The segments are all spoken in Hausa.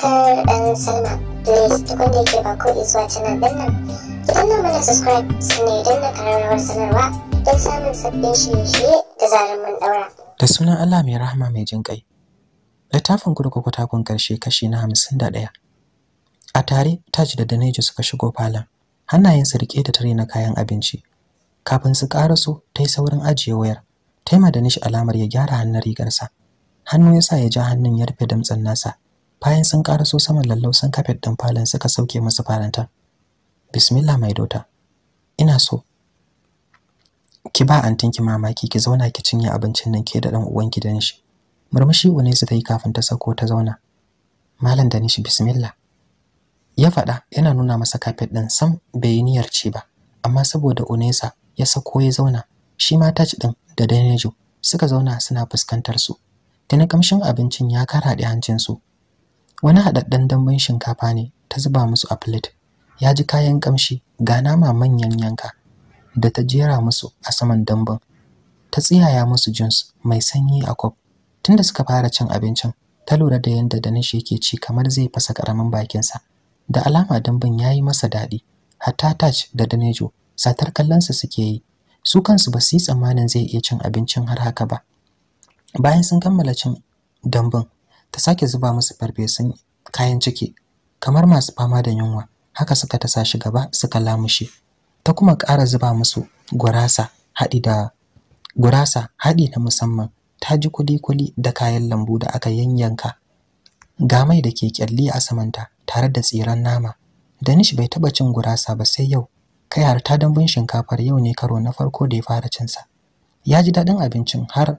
subscribe and sign up. Please tukunde ke ba ko zuwa canal din nan. Ki danna mana subscribe sannan idan na karar sanarwa don samun sabbin shirye-shirye da zarar mun daura. Da sunan Allah mai rahama mai jin kai. Littafin kurkuku takun karshe kashi na hamsin da ɗaya. A tare Taj da Danejo suka shigo falon. Hannayensu rike da tare na kayan abinci. Kafin su karaso, ta yi saurin ajiye wayar. Ta yi ma Danish alamar ya gyara hannun rigarsa. Hannu ya sa ya ja hannun ya rufe damtsan nasa. bayan sun karaso saman lallausan kafet ɗin falon suka sauke musu faranta bismillah mai dota ina so ki ba antin ki mamaki ki zauna ki cinye abincin nan ke da dan uwan gidan shi murmushi Unesa ta yi kafin ta sako ta zauna malam Danish bismillah ya faɗa yana nuna masa kafet ɗin sam bai yi niyyar ci ba amma saboda Unesa ya sako ya zauna shi ma ci ɗin da Danejo suka zauna suna fuskantar su tana kamshin abincin ya karaɗe su wani haɗaɗɗen damben shinkafa ne ta zuba musu a filet. ya ji kayan ƙamshi ga nama manyan yanka da ta jera musu a saman damben ta tsiyaya musu jins mai sanyi a kwaf tunda suka fara cin abincin ta lura da yadda danish yake ci kamar zai fasa karamin bakinsa da alama damben ya yi masa daɗi hatta tach da danejo satar kallonsa suke yi su kansu ba su yi tsammanin zai iya cin abincin har haka ba bayan sun kammala cin damben ta sake zuba musu farfesun kayan ciki kamar masu fama da yunwa haka suka ta shi gaba suka lamushe ta kuma ƙara zuba musu gurasa haɗi da gurasa haɗi na musamman ta ji kuli-kuli da kayan lambu da aka yanyanka ga mai da ke kyalli a samanta tare da tsiran nama danish bai taɓa cin gurasa ba sai yau kai har ta dambun shinkafar yau ne karo na farko da ya fara cinsa ya ji daɗin abincin har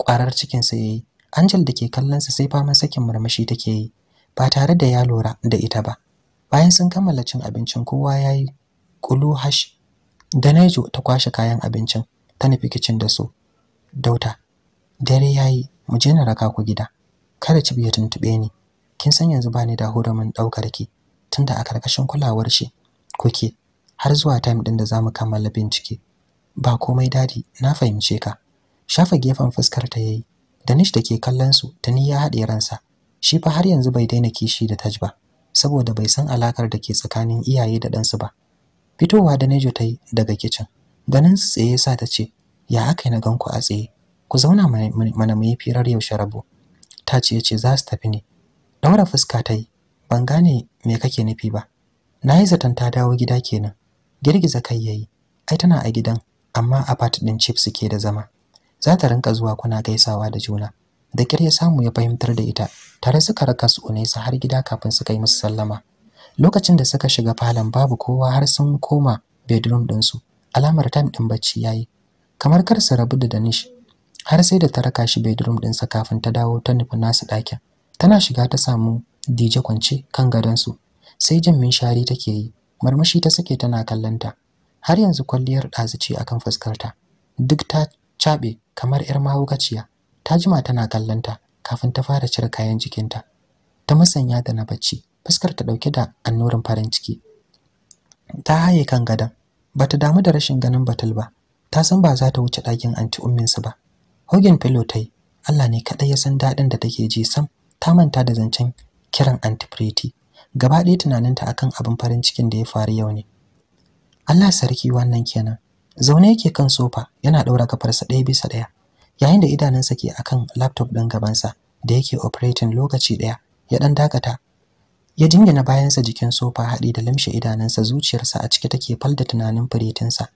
ƙwarar cikinsa ya yi Angel da ke kallonsa sai fama sakin murmushi take yi, ba tare da ya lura da ita ba. Bayan sun kammala cin abincin kowa ya yi kulu hash. Danejo ta kwashe kayan abincin ta nufi kicin da su. Dauta, dare ya yi, mu je na raka ku gida. Kada ci biya tuntuɓe ni. Kin san yanzu ba ni da mun ɗaukar ki, tunda a karkashin kulawar shi kuke har zuwa time ɗin da zamu kammala bincike. Ba komai dadi, na fahimce ka. Shafa gefen fuskar ta yayi, Danish da ke kallon su tuni ya haɗe ransa. Shi fa har yanzu bai daina kishi da Taj ba, saboda bai san alakar da ke tsakanin iyaye da ɗansu ba. Fitowa da Nejo ta yi daga kicin, ganin su tsaye sa ta ce, "Ya haka na ganku a tsaye, ku zauna mana mu yi firar yaushe rabo." Ta ya ce za su tafi ne. Daura fuska ta ban gane me kake nufi ba. Na yi zaton ta dawo gida kenan. Girgiza kai yayi, ai tana a gidan, amma apart ɗin chips suke da zama. za ta rinka zuwa kuna gaisawa da juna da kyar ya samu ya fahimtar da ita tare suka raka su unesa har gida kafin suka yi musu sallama lokacin da suka shiga falon babu kowa har sun koma bedroom su alamar time ɗin bacci yayi kamar kar su rabu da danish har sai da ta raka shi bedroom sa kafin ta dawo ta nufi nasu ɗakin tana shiga ta samu dije kwance kan su. sai jin minshari take yi marmashi ta sake tana kallonta har yanzu kwalliyar ɗazu ce akan fuskarta duk ta caɓe kamar 'yar mahaukaciya ta jima tana kallonta kafin ta fara cire kayan jikinta ta musanya da na bacci fuskar ta dauke da annorin farin ciki ta haye kan gadon bata damu da rashin ganin batul ba ta san ba za ta wuce ɗakin anti umminsu ba hogin pillow ta Allah ne kaɗai ya san daɗin da take ji sam ta manta da zancen kiran anti pretty gaba ɗaya tunaninta akan abin farin cikin da ya faru yau ne Allah sarki wannan kenan zaune yake kan sofa yana ɗaura kafarsa ɗaya bisa ɗaya yayin da idanunsa ke akan laptop ɗin gabansa da yake operating lokaci ɗaya ya ɗan dakata ya jingina bayansa jikin sofa haɗi da limshe idanunsa zuciyarsa a cike take da tunanin firetinsa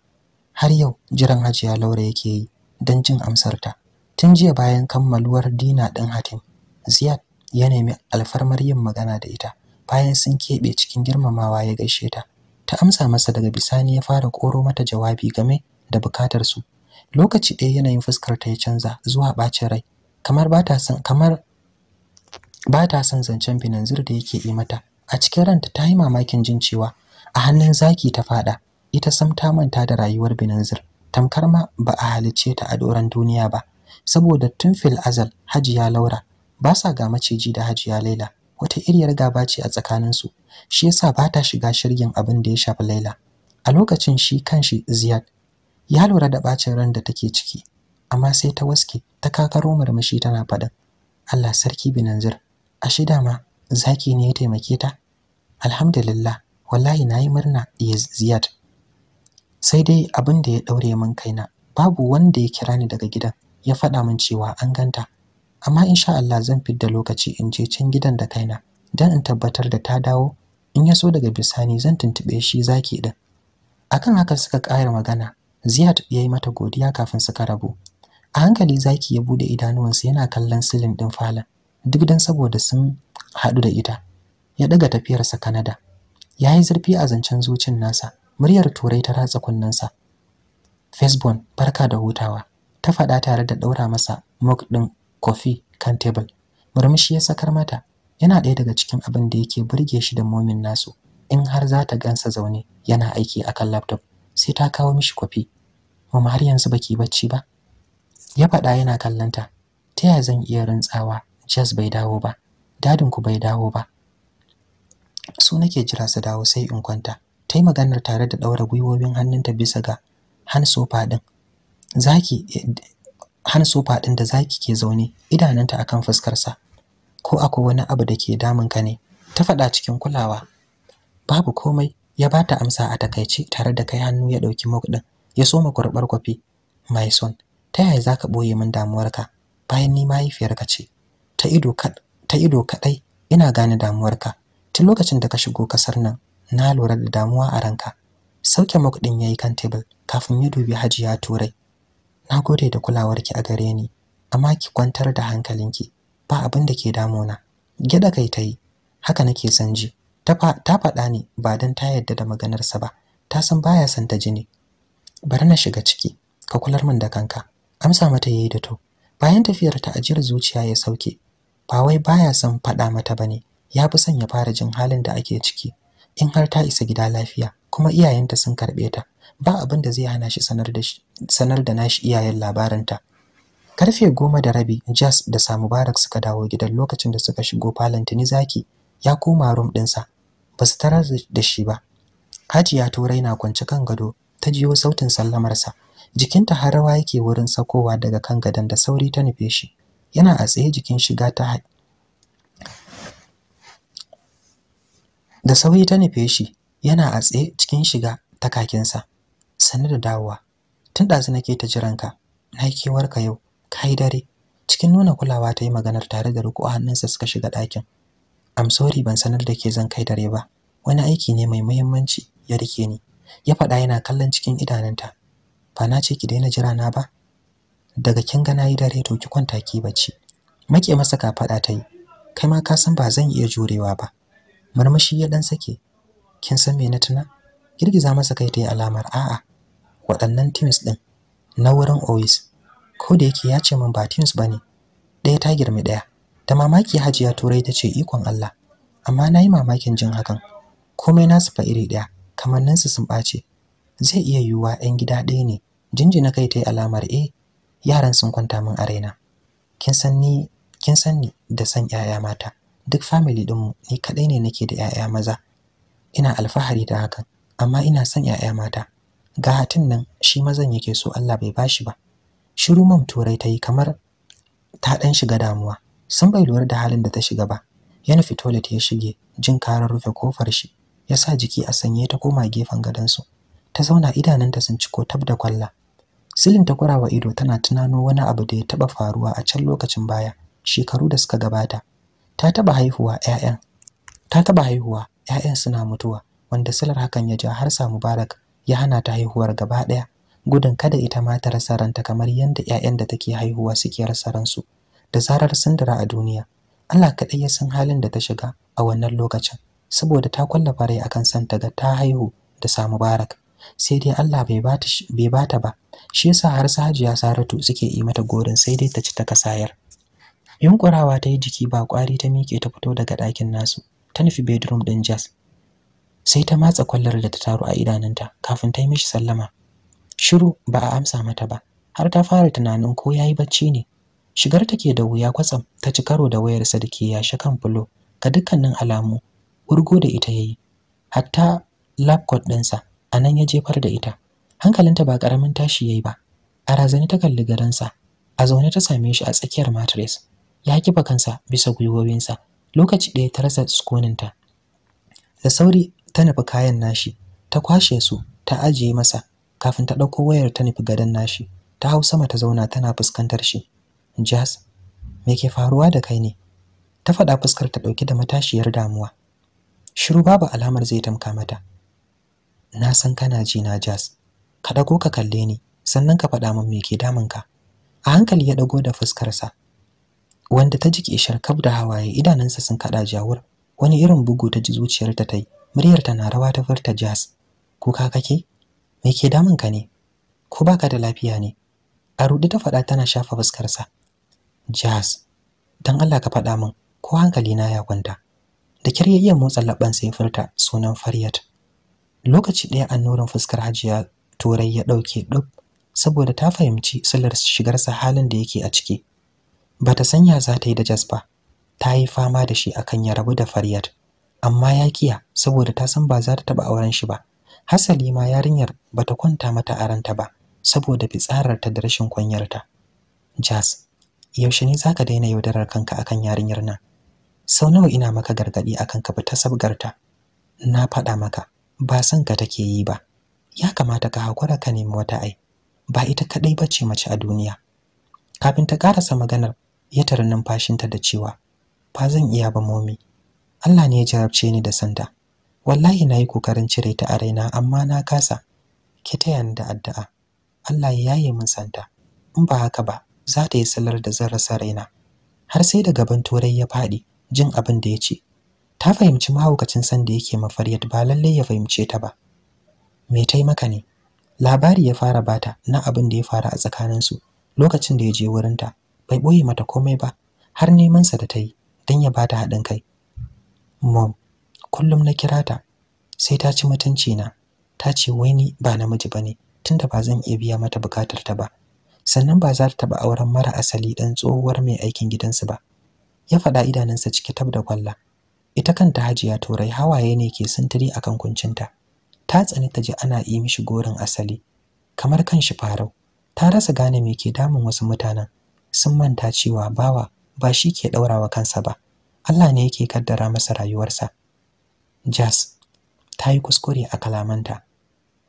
har yau jiran hajiya laura yake yi don jin amsar ta, tun jiya bayan kammaluwar dina ɗin hatim ziyad ya nemi alfarmar yin magana da ita bayan sun keɓe cikin girmamawa ya gaishe ta ta amsa masa daga bisani ya fara koro mata jawabi game da bukatar su lokaci ɗaya yanayin fuskar ta ya canza zuwa bacin rai kamar ba ta son kamar ba ta zancen binanzir da yake yi mata a cikin ranta ta yi mamakin jin cewa a hannun zaki ta fada ita sam ta manta da rayuwar binanzir tamkar ma ba a halicce ta a doron duniya ba saboda tun fil azal hajiya laura ba sa ga maciji da hajiya laila wata iriyar gaba ce a tsakaninsu shi yasa ba ta shiga shirgin abin da ya shafi Laila a lokacin shi kanshi Ziyad ya lura da bacin ran da take ciki amma sai ta waske ta kakaro murmushi tana faɗin Allah sarki binanzir a shida ma zaki ne ya taimake ta alhamdulillah wallahi nayi murna ya Ziyad sai dai abin da ya daure min kaina babu wanda ya kira ni daga gidan ya faɗa min cewa an ganta amma insha Allah zan fidda lokaci in je can gidan da kaina dan in tabbatar da ta dawo in ya so daga bisani zan tuntube shi zaki din akan haka suka ƙara magana Ziyad ya yi mata godiya kafin suka rabu a hankali zaki ya bude idanuwansa yana kallon silin din falon duk dan saboda sun haɗu da ita ya daga tafiyarsa Canada ya yi zurfi a zancen zucin nasa muryar turai ta ratsa kunnensa Fesbon barka da hutawa ta faɗa tare da ɗaura masa mok ɗin Kofi kan table murmushi ya sakar mata yana ɗaya daga cikin abin da yake burge shi da momin nasu in har za ta gansa zaune yana aiki akan laptop sai ta kawo mishi kofi mama har yanzu baki bacci ba ya faɗa yana kallanta ta yaya zan iya rintsawa? Jazz bai dawo ba dadin ku bai dawo ba su nake jira su dawo sai in kwanta ta yi maganar tare da ɗaura gwiwowin hannunta bisa ga han sofa ɗin zaki han sofa ɗin da zaki ke zaune idananta akan fuskarsa ko akwai wani abu da ke damun ka ne ta faɗa cikin kulawa babu komai ya ba ta amsa a takaice tare da kai hannu ya ɗauki mok ɗin ya soma kurɓar kwafi Mai son ta yaya za ka ɓoye min damuwarka bayan ni mahaifiyarka ce ta ido ta ido kaɗai ina gane damuwarka tun lokacin da ka shigo kasar nan na lura da damuwa a ranka sauke mok ɗin ya yi kan tebul kafin ya dubi hajiya turai na gode da kulawarki a gare ni amma ki kwantar da hankalinki ba abin da ke damuna gyada kai ta yi. haka nake son ji ta faɗa ni ba don ta yarda da maganarsa ba ta san baya son ta jini bari na shiga ciki ka kular min da kanka amsa mata yayi da to bayan tafiyar ta ajiyar zuciya ya sauke ba wai baya son faɗa mata ba ne. ya fi son ya fara jin halin da ake ciki in har ta isa gida lafiya kuma iyayenta sun karɓe ta ba abin da zai hana shi sanar da sanar da nashi iyayen labarinta karfe goma da rabi Jas da Sa Mubarak suka dawo gidan lokacin da suka shigo falon tuni zaki ya koma room ɗinsa ba su tarar da shi ba Hajiya Turai na kwance kan gado ta jiyo sautin sallamarsa jikinta har rawa yake wurin sakowa daga kan gadon da sauri ta nufe shi yana a tsaye jikin shiga ta da sauri ta nufe shi yana a tsaye cikin shiga ta kakinsa sannu da dawowa tun ɗazu nake ta jiranka na yi kewarka yau ka yi dare cikin nuna kulawa ta yi maganar tare da riko hannunsa suka shiga ɗakin am sorry ban sanar da ke zan kai dare ba wani aiki ne mai muhimmanci ya rike ni ya faɗa yana kallon cikin idanunta ba na ce ki daina jira na ba daga kin ga na yi dare to ki kwanta ki bacci make masa ka faɗa ta yi kai ma ka san ba zan iya jurewa ba murmushi ya ɗan sake kin san me na tuna girgiza masa kai ta yi alamar a'a waɗannan teams ɗin na wurin Owis. Ko da yake ya ce min ba teams ba ne, ɗaya ta girmi ɗaya. Da mamaki Hajiya Turai ta ce ikon Allah, amma na yi mamakin jin hakan. Komai nasu fa iri ɗaya, kamanninsu sun ɓace. Zai iya yiwuwa 'yan gida ɗaya ne, jinjina kai ta yi alamar e, yaran sun kwanta min a raina. Kin san ni, kin san ni da san 'ya'ya mata. Duk family ɗinmu ni kaɗai ne nake da 'ya'ya maza. Ina alfahari da hakan, amma ina son 'ya'ya mata. ga hatin nan shi mazan yake so Allah bai bashi ba shiru mam turai ta kamar ta dan shiga damuwa sun bai lura da halin da ta shiga ba ya nufi toilet ya shige jin karar rufe kofar shi ya sa jiki a sanye ta koma gefen gadon su. ta zauna idanunta sun ciko tab da kwalla silin ta kurawa ido tana tunano wani abu da ya taba faruwa a can lokacin baya shekaru da suka gabata ta taba haihuwa ƴaƴan ta taba haihuwa ƴaƴan suna mutuwa wanda silar hakan ya ja har sa Mubarak ya hana ta haihuwar gaba ɗaya gudun kada ita ma ta rasa ranta kamar yadda 'ya'yan da take haihuwa suke rasa ransu da zarar sun dira a duniya Allah kaɗai ya san halin da ta shiga a wannan lokacin saboda ta kwalla farai akan san ta ga ta haihu da samu barak sai dai Allah bai bata bai ba shi yasa har Hajiya Saratu suke yi mata gorin sai dai ta ci ta kasayar yunkurawa ta yi jiki ba kwari ta miƙe ta fito daga ɗakin nasu ta nufi bedroom ɗin Jazz sai ta matsa kwallar da ta taru a idanunta kafin ta yi mishi sallama shiru ba a amsa mata ba har ta fara tunanin ko ya yi bacci ne shigar take da wuya kwatsam ta ci karo da wayarsa da ke yashe kan fulo ga dukkanin alamu urgo da ita yayi hatta lab coat ɗinsa a nan ya jefar da ita hankalinta ba ƙaramin tashi yayi ba a razani ta kalli sa a zaune ta same shi a tsakiyar matres ya kifa kansa bisa gwiwowinsa lokaci ɗaya ta rasa sukuninta da sauri ta nufi kayan nashi ta kwashe su ta ajiye masa kafin ta ɗauko wayar ta nufi gadon nashi ta hau sama ta zauna tana fuskantar shi jazz me ke faruwa da kai ne ta faɗa fuskar ta ɗauki da matashiyar damuwa shiru babu alamar zai tamka mata na san kana ji na jazz ka ɗago ka kalle ni sannan ka faɗa min me ke ka. a hankali ya ɗago da fuskarsa wanda ta jike kaf da hawaye idanunsa sun kaɗa jawur wani irin bugu ta ji zuciyarta ta yi muryar ta na rawa ta furta jazz kuka kake me ke damun ka ne ko baka da lafiya ne a rudi ta faɗa tana shafa fuskar sa jazz dan Allah ka faɗa min ko hankali na ya kwanta da kyar iya motsa labban sai furta sunan Faryat lokaci ɗaya annorin fuskar Hajiya Turai ya ɗauke dub saboda ta fahimci shigar shigarsa halin da yake a ciki bata sanya za ta yi da jazz ba ta yi fama da shi akan ya rabu da Faryat amma ya kiya saboda ta san ba za ta taba auren shi ba hasali ma yarinyar bata kwanta mata ta ba saboda fitsararta da rashin kwanyarta jazz yaushe ne zaka daina yaudarar kanka akan yarinyar nan sau nawa ina maka gargadi akan ka fita sabgarta na faɗa maka ba san ka take yi ba ya kamata ka hakura ka nemi wata ai ba ita kadai bace mace a duniya kafin ta karasa maganar ya tarin numfashinta da cewa ba zan iya ba momi Allah ne ya jarabce ni da santa wallahi na yi kokarin cire ta a raina amma na kasa ki taya ni da addu'a Allah ya yaye min santa in ba haka ba za ta yi salar da zan rasa raina har sai da gaban turai ya faɗi jin abin da ya ce ta fahimci mahaukacin sanda da yake mafaryat ba lallai ya fahimce ta ba me ta maka ne labari ya fara bata na abin da ya faru a tsakaninsu lokacin da ya je wurinta bai ɓoye mata komai ba har nemansa da ta yi don ya bata haɗin kai mom kullum na kira ta sai ta ci mutunci na ta ce wai ni ba namiji bane tunda ba zan iya biya mata bukatar ta ba sannan ba za ta taba auren mara asali dan tsohuwar mai aikin gidansu ba ya faɗa idanunsa cike tab da kwalla ita kanta hajiya turai hawaye ne ke sintiri akan kuncinta ta tsani ta ji ana yi mishi gorin asali kamar kan shi farau ta rasa gane me ke damun wasu mutanen sun manta cewa bawa ba shi ke ɗaurawa kansa ba Allah ne yake kaddara masa rayuwarsa Jas ta yi kuskure a kalamanta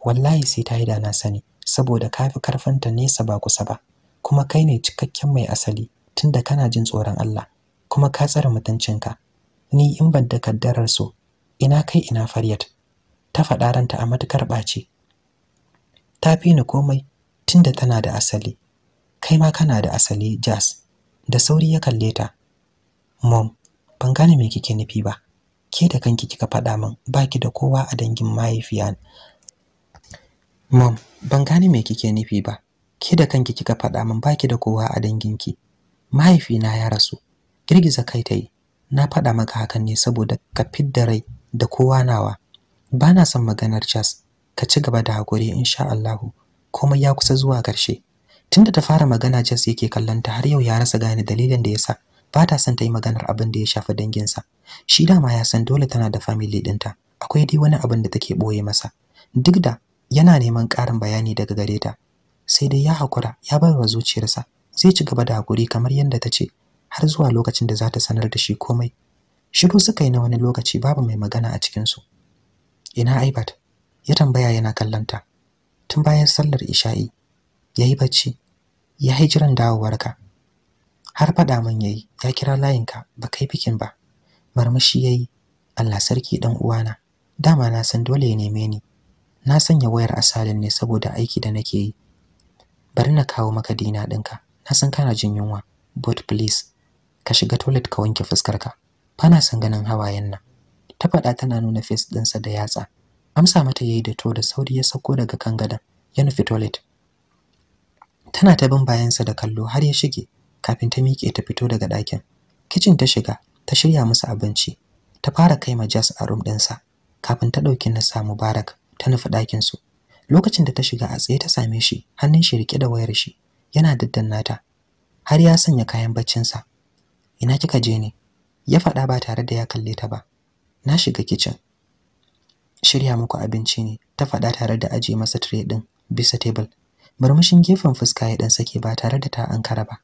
wallahi sai ta yi da na sani saboda ka fi karfanta nesa ba kusa ba kuma kai ne cikakken mai asali tunda kana jin tsoron Allah kuma ka tsare mutuncinka ni in ban da kaddarar so ina kai ina faryat ta faɗa ranta a matukar ɓaci ta fi ni komai tunda tana da asali kai ma kana da asali jas da sauri ya kalle ta mom ban gane me kike nufi ba ke da kanki kika faɗa min baki da kowa a dangin mahaifiya mom ban gane me kike nufi ba ke da kanki kika faɗa min baki da kowa a danginki mahaifina ya rasu girgiza kai ta yi na faɗa maka hakan ne saboda ka fidda rai da kowa nawa Ba na son maganar jaz, ka ci gaba da hakuri insha allahu komai ya kusa zuwa ƙarshe tunda ta fara magana jaz yake kallon ta har yau ya rasa gane dalilin da ya sa. ba ta son ta yi maganar abin da ya shafi danginsa shi dama ya san dole tana da family ɗinta akwai dai wani abin da take ɓoye masa duk da yana neman ƙarin bayani daga gare ta sai dai ya hakura ya bar zuciyarsa zai ci gaba da hakuri kamar yadda ta ce har zuwa lokacin da za ta sanar da shi komai shiru suka yi na wani lokaci babu mai magana a cikinsu ina aibat ya tambaya yana kallonta tun bayan sallar isha'i ya yi bacci ya yi jiran dawowarka har faɗa min yayi ya kira layinka ba kai bikin ba marmashi yayi Allah sarki dan uwana dama na san dole ya neme ni na sanya wayar asalin ne saboda aiki da nake yi bari na kawo maka dina ɗinka na san kana jin yunwa but please ka shiga toilet ka wanke fuskarka bana san ganin hawayen nan ta faɗa tana nuna face ɗinsa da yatsa amsa mata yayi da to da sauri ya sako daga kan gadon ya nufi toilet tana ta bin bayansa da kallo har ya shige kafin ta miƙe ta fito daga ɗakin. Kicin ta shiga, ta shirya musu abinci. Ta fara kai ma Jas a room ɗinsa, kafin ta ɗauki na Nasa Mubarak ta nufi ɗakin su. Lokacin da ta shiga a tsaye ta same shi, hannun shi rike da wayar shi, yana daddanna ta. Har ya sanya kayan baccinsa. Ina kika je ne? Ya faɗa ba tare da ya kalle ta ba. Na shiga kicin. Shirya muku abinci ne, ta faɗa tare da aje masa tire ɗin bisa tebul. Murmushin gefen fuska ya ɗan sake ba tare da ta ankara ba.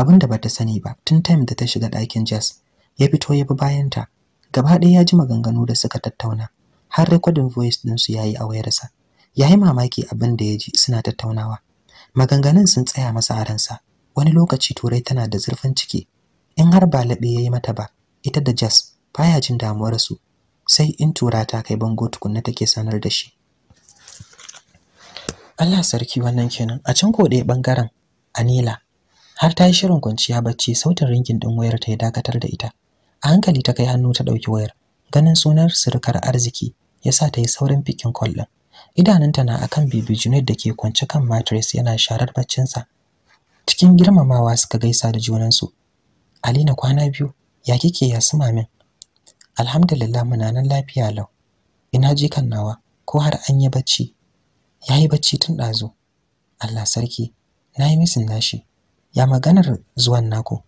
abinda bata sani ba tun time da ta shiga ɗakin Jess ya fito ya bi bayanta gaba ɗaya ya ji maganganu da suka tattauna har recording voice din ya yi a wayarsa ya yi mamaki abin da ya ji suna tattaunawa maganganun sun tsaya masa a ransa wani lokaci turai tana da zurfin ciki in har ba laɓe ya yi mata ba ita da Jess baya jin damuwarsu sai in tura ta kai bango tukunna take sanar da shi Allah sarki wannan kenan a can ko ɗaya bangaren Anila har ta yi shirin kwanciya bacci sautin rinkin ɗin wayar ta ya dakatar da ita a hankali ta kai hannu ta ɗauki wayar ganin sunar surukar arziki ya sa ta yi saurin fikin kwal ɗin idanunta na akan bibi junaid da ke kwance kan mattress yana sharar baccinsa cikin girmamawa suka gaisa da junansu na kwana biyu ya kike ya suma min alhamdulillah muna nan lafiya lau ina je kan nawa ko har an yi bacci ya yi bacci tun ɗazu allah sarki na yi misin nashi ya maganar zuwan naku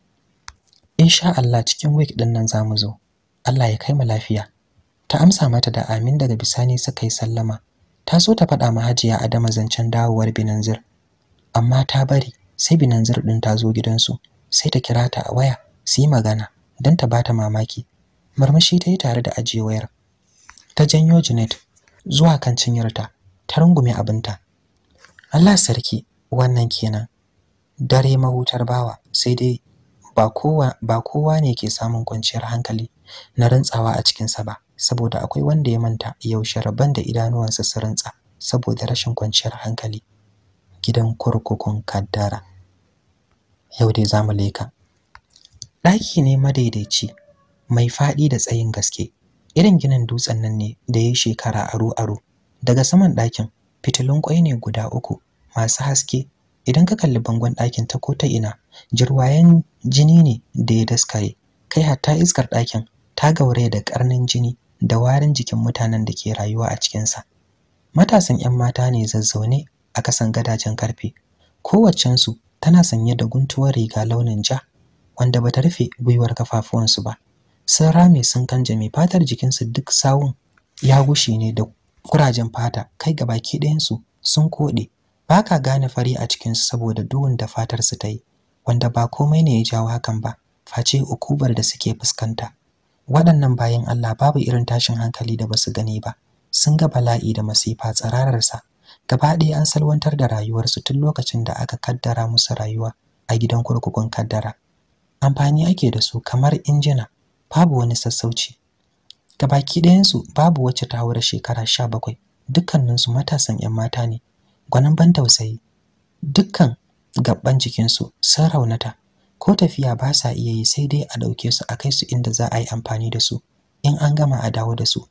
insha Allah cikin week din nan zamu zo Allah ya kai mu lafiya ta amsa mata da amin daga bisani suka yi sallama ta so ta faɗa mahajiya Hajiya Adama zancen dawowar Binanzir amma ta bari sai Binanzir din ta zo gidansu sai ta kira ta a waya su yi magana don ta bata mamaki marmashi ta yi tare da ajiyewayar ta janyo Janet zuwa kan cinyarta ta rungume abinta Allah sarki wannan kenan dare mahutar bawa sai dai ba kowa ne ke samun kwanciyar hankali na rantsawa a cikinsa ba saboda akwai wanda ya manta yaushe rabon da idanuwansa su rantsa saboda rashin kwanciyar hankali gidan kurkukun kaddara yau dai za mu leka ɗaki ne madaidaici mai faɗi da tsayin gaske irin ginin dutsen nan ne da ya shekara aro-aro daga saman ɗakin fitilun ƙwai ne guda uku masu haske idan ka kalli bangon ɗakin ta ko ta ina jirwayen jini ne da ya daskaye kai hatta iskar ɗakin ta gauraya da ƙarnin jini da warin jikin mutanen da ke rayuwa a cikinsa matasan 'yan mata ne zazzaune a kasan gadajen karfe kowaccensu tana sanye da guntuwar riga launin ja wanda bata rufe gwiwar kafafuwansu ba sun rame sun kanjame fatar jikinsu duk sawun ya gushi ne da kurajen fata kai gabaki ɗayansu sun koɗe ba ka gane fari a cikinsu saboda duhun da su ta yi wanda ba komai ne ya jawo hakan ba face ukubar da suke fuskanta waɗannan bayan Allah babu irin tashin hankali da basu gani ba sun ga bala'i da masifa tsarararsa gaba ɗaya an salwantar da rayuwarsu tun lokacin da aka kaddara musu rayuwa a gidan kurkukun kaddara amfani ake da su kamar injina babu wani sassauci gabaki ɗayansu babu wacce ta haura shekara sha bakwai dukkaninsu matasan 'yan mata ne gwanin ban tausayi dukkan gabban jikinsu sun raunata ko tafiya ba sa iya yi sai dai a ɗauke su a kai su inda za a yi amfani da su in an gama a dawo da su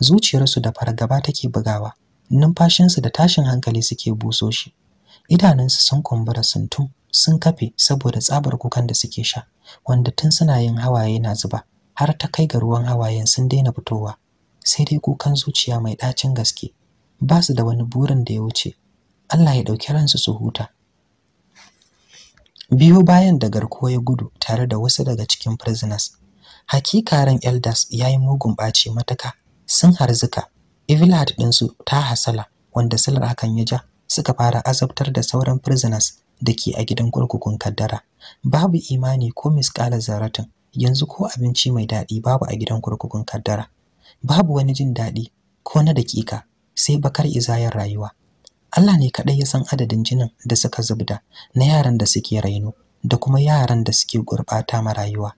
zuciyarsu da fargaba take bugawa numfashinsu da tashin hankali suke buso shi idanunsu sun kumbura sun tun sun kafe saboda tsabar kukan da suke sha wanda tun suna yin hawaye na zuba har ta kai ga ruwan hawayen sun daina fitowa sai dai kukan zuciya mai ɗacin gaske ba su da wani burin da ya wuce Allah ya ɗauki ransu su huta biyu bayan da garkuwa ya gudu tare da wasu daga cikin prisoners hakika ran elders ya yi mugun ɓaci mataka sun harzuka evilhard ɗinsu ta hasala wanda salar hakan ya ja suka fara azabtar da sauran prisoners da ke a gidan kurkukun kaddara babu imani ko miskala zaratin yanzu ko abinci mai daɗi babu a gidan kurkukun kaddara babu wani jin daɗi ko na dakika sai bakar izayar rayuwa Allah ne kaɗai ya san adadin jinin da suka zubda na yaran da suke raino da kuma yaran da suke gurɓata marayuwa.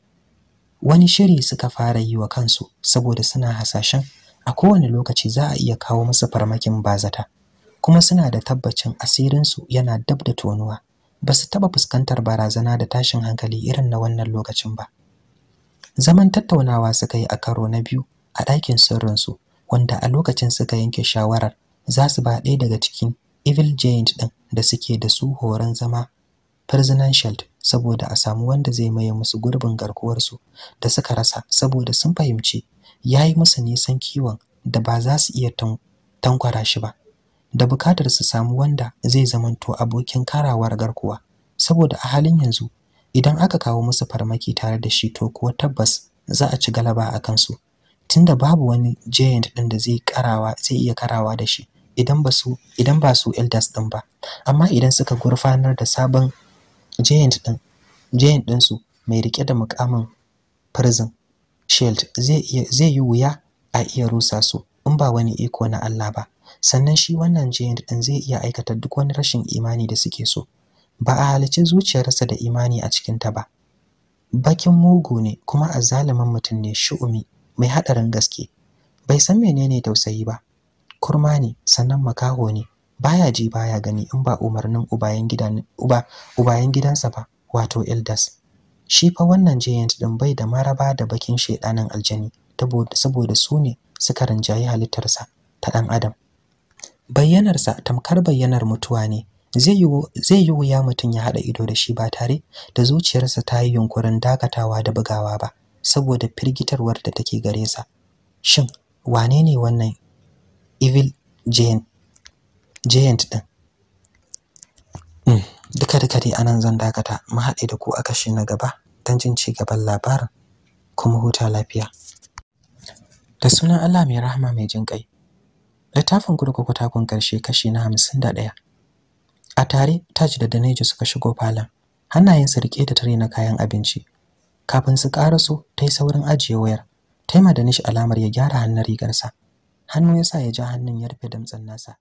Wani shiri suka fara yi wa kansu saboda suna hasashen a kowane lokaci za a iya kawo musu farmakin bazata, kuma suna da tabbacin asirinsu yana dab da tonuwa. Ba su taɓa fuskantar barazana da tashin hankali irin na wannan lokacin ba. Zaman tattaunawa suka yi a karo na biyu a ɗakin sirrinsu, wanda a lokacin suka yanke shawarar za su ba ɗaya daga cikin evil giant ɗin da suke da su horon zama Shield saboda a samu wanda zai maye musu gurbin garkuwarsu da suka rasa saboda sun fahimci ya yi musu nisan kiwon da ba za su iya tankwara shi ba da bukatar su samu wanda zai zamanto abokin karawar garkuwa saboda a halin yanzu idan aka kawo musu farmaki tare da shi to kuwa tabbas za a ci galaba a kansu tunda babu wani giant ɗin da zai zai iya karawa da shi idan ba su idan ba su elders din ba amma idan suka gurfanar da sabon giant din giant su mai rike da mukamin prison shield zai yi wuya a iya rusa su in ba wani iko na Allah ba sannan shi wannan giant din zai iya aikata duk wani rashin imani da suke so ba a halicci zuciyarsa da imani a cikin ta ba bakin mugu ne kuma azzalumin mutum ne shu'umi mai haɗarin gaske bai san menene tausayi ba kurma ne sannan makaho ne baya ji baya gani in ba umarnin ubayen gidansa ba wato Eldas shi fa wannan giant din bai da maraba da bakin shedanin aljani saboda su ne suka rinjayi halittarsa ta dan adam bayyanarsa tamkar bayyanar mutuwa ne zai yi wuya mutum ya haɗa ido da shi ba tare da zuciyarsa ta yi yunkurin dakatawa da bugawa ba saboda firgitarwar da take gare sa shin wane ne wannan evil giant giant din mm. duka duka dai anan zan dakata mu haɗe da ku a kashi na gaba don jin ci gaban labarin kuma huta lafiya da sunan Allah mai rahama mai jin kai littafin kurkuku kun karshe kashi na hamsin da ɗaya a tare taj da daneji suka shigo falon hannayensu rike da tare na kayan abinci kafin su ƙaraso ta yi saurin ajiye wayar taima nishi alamar ya gyara hannun rigarsa hannu ya sa ya ja hannun ya rufe damtsen nasa